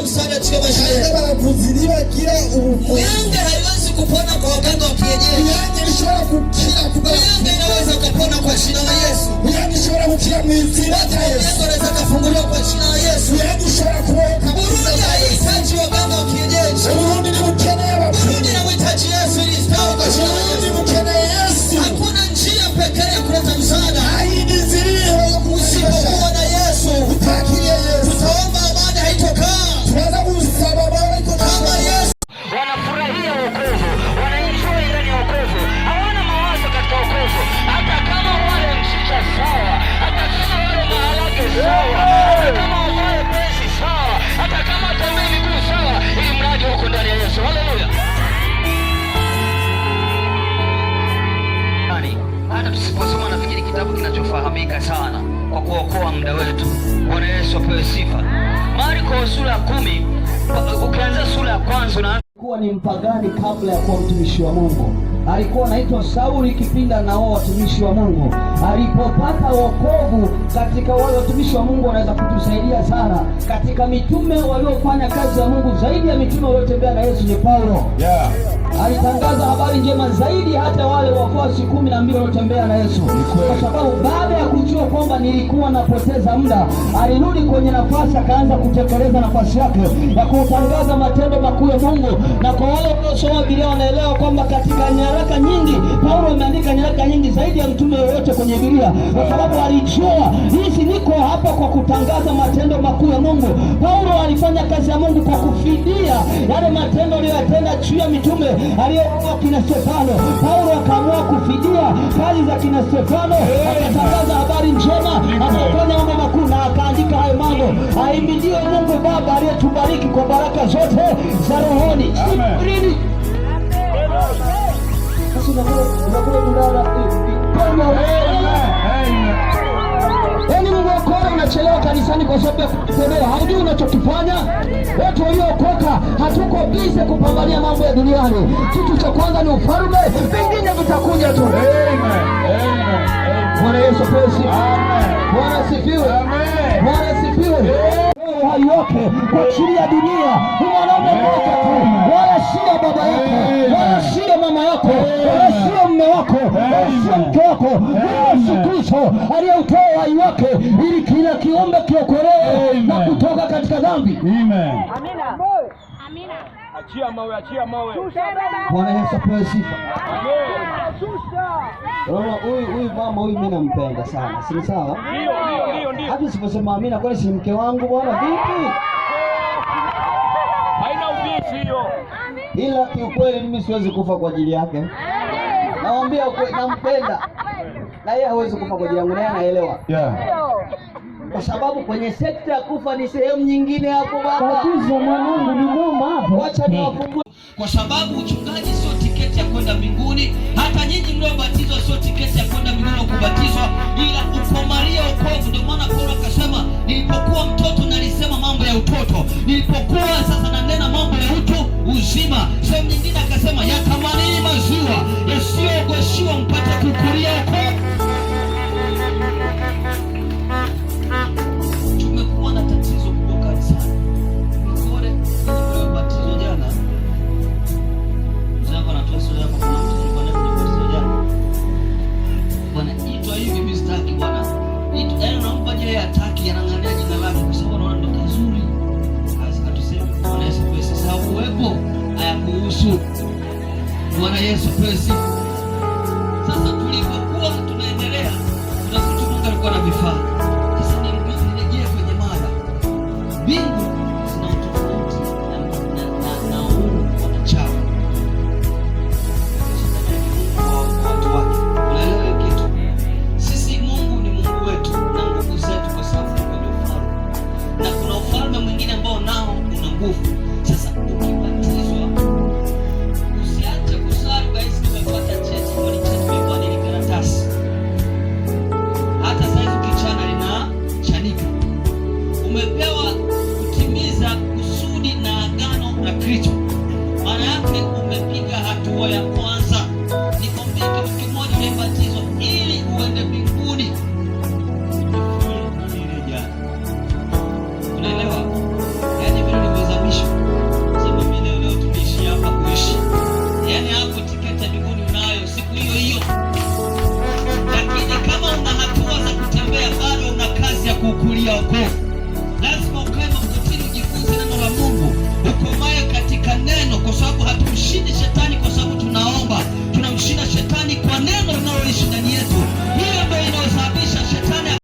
kuomba msaada katika maisha haiwezi kupona kwa waganga wa kienyeji. Uyanga inaweza kupona kwa jina la Yesu. Uyanga nishora kitabu kinachofahamika sana kwa kuokoa muda wetu. Bwana Yesu apewe sifa. Marko sura ya kumi ukianza sura ya kwanza alikuwa ni mpagani kabla ya kuwa mtumishi wa Mungu. Alikuwa anaitwa Sauli kipinda anaoa watumishi wa Mungu. Alipopata wokovu katika wale watumishi wa Mungu, wanaweza kutusaidia sana katika mitume waliofanya kazi ya Mungu. Zaidi ya mitume waliotembea na Yesu ni Paulo, yeah. Alitangaza habari njema zaidi hata wale wafuasi kumi na mbili waliotembea na Yesu, kwa sababu baada ya kujua kwamba nilikuwa napoteza muda, alirudi kwenye nafasi, akaanza kutekeleza nafasi yake ya kutangaza matendo makuu ya Mungu na kwa wale wanaosoma Biblia wanaelewa kwamba katika nyaraka nyingi, Paulo ameandika nyaraka nyingi zaidi ya mtume yoyote kwenye Biblia, kwa sababu alijua hizi, niko hapa kwa kutangaza matendo makuu ya Mungu. Paulo alifanya kazi ya Mungu kwa kufidia yale matendo aliyoyatenda juu ya mitume aliyokuwa kina Stefano. Paulo akaamua kufidia kazi za kina Stefano, akatangaza habari njema anayefanya mambo makuna, akaandika hayo mambo. Ahimidiwe Mungu Baba aliyetubariki kwa baraka zote za rohoni. Yaani Mungu wakoa unachelewa kanisani kwa sababu ya kutembea, haujui unachokifanya. Watu waliokoka hatuko bize kupambania mambo ya duniani. Kitu cha kwanza ni ufalme, vingine vitakuja tu. yake kwa ajili ya dunia. Ni mwanaume mmoja tu, wala sio baba yako, wala sio mama yako, wala sio mme wako, wala sio mke wako. Yesu Kristo aliyeutoa uhai wake ili kila kiumbe kiokolewe na kutoka katika dhambi. Amen. Amina. Achia mawe, achia mawe. Bwana Yesu apewe sifa. Roho huyu huyu mama huyu mimi nampenda sana. Si sawa? Ndio, ndio, ndio. ndio. Hata usiposema amina kwani si mke wangu bwana vipi? Haina ubishi hiyo. Ila kiukweli mimi siwezi kufa kwa ajili yake. Naambia nampenda. Na yeye hawezi kufa kwa ajili yangu, naye anaelewa. Yeah kwa sababu kwenye sekta ya kufa ni sehemu nyingine hapo baba. Tatizo mwanangu ni goma hapo. Acha niwafungue, kwa sababu uchungaji sio tiketi ya kwenda mbinguni. Hata nyinyi mliobatizwa sio tiketi ya kwenda mbinguni. tukiangalia jina lake, kwa sababu anaona ndo kazuri, atusema Bwana Yesu pesa sababu uwepo hayakuhusu. Bwana Yesu pesa. Sasa tulipokuwa tunaendelea, tunakuta Mungu alikuwa na vifaa 要过。